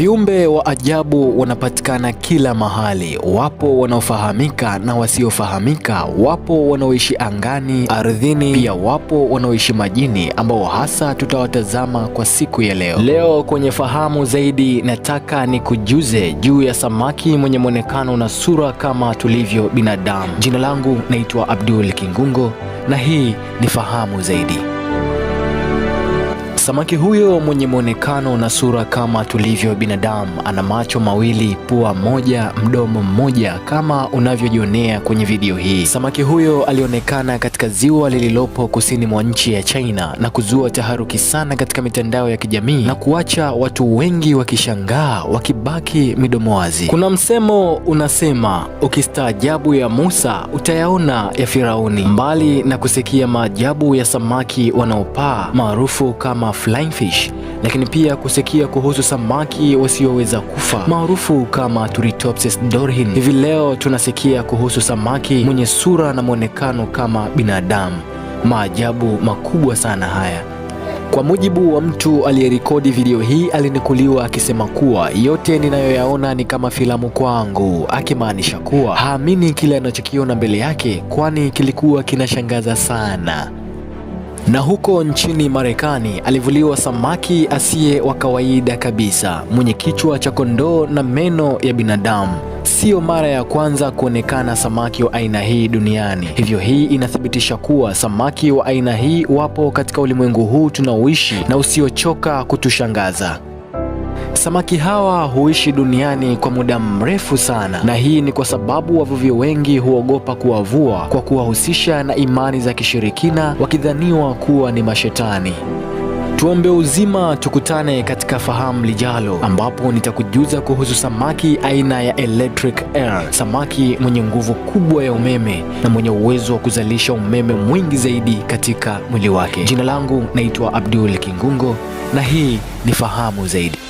Viumbe wa ajabu wanapatikana kila mahali. Wapo wanaofahamika na wasiofahamika, wapo wanaoishi angani, ardhini, pia wapo wanaoishi majini ambao hasa tutawatazama kwa siku ya leo. Leo kwenye Fahamu Zaidi, nataka nikujuze juu ya samaki mwenye mwonekano na sura kama tulivyo binadamu. Jina langu naitwa Abdul Kingungo na hii ni Fahamu Zaidi. Samaki huyo mwenye mwonekano na sura kama tulivyo binadamu, ana macho mawili, pua moja, mdomo mmoja kama unavyojionea kwenye video hii. Samaki huyo alionekana katika ziwa lililopo kusini mwa nchi ya China na kuzua taharuki sana katika mitandao ya kijamii na kuacha watu wengi wakishangaa wakibaki midomo wazi. Kuna msemo unasema, ukistaajabu ya Musa utayaona ya Firauni. Mbali na kusikia maajabu ya samaki wanaopaa maarufu kama flying fish, lakini pia kusikia kuhusu samaki wasioweza kufa maarufu kama Turritopsis dorhin. Hivi leo tunasikia kuhusu samaki mwenye sura na mwonekano kama binadamu. Maajabu makubwa sana haya. Kwa mujibu wa mtu aliyerekodi video hii, alinukuliwa akisema kuwa yote ninayoyaona ni kama filamu kwangu, akimaanisha kuwa haamini kile anachokiona mbele yake, kwani kilikuwa kinashangaza sana. Na huko nchini Marekani alivuliwa samaki asiye wa kawaida kabisa mwenye kichwa cha kondoo na meno ya binadamu. Sio mara ya kwanza kuonekana samaki wa aina hii duniani, hivyo hii inathibitisha kuwa samaki wa aina hii wapo katika ulimwengu huu tunaoishi na usiochoka kutushangaza. Samaki hawa huishi duniani kwa muda mrefu sana, na hii ni kwa sababu wavuvi wengi huogopa kuwavua kwa kuwahusisha na imani za kishirikina, wakidhaniwa kuwa ni mashetani. Tuombe uzima, tukutane katika fahamu lijalo, ambapo nitakujuza kuhusu samaki aina ya electric eel, samaki mwenye nguvu kubwa ya umeme na mwenye uwezo wa kuzalisha umeme mwingi zaidi katika mwili wake. Jina langu naitwa Abdul Kingungo, na hii ni fahamu zaidi.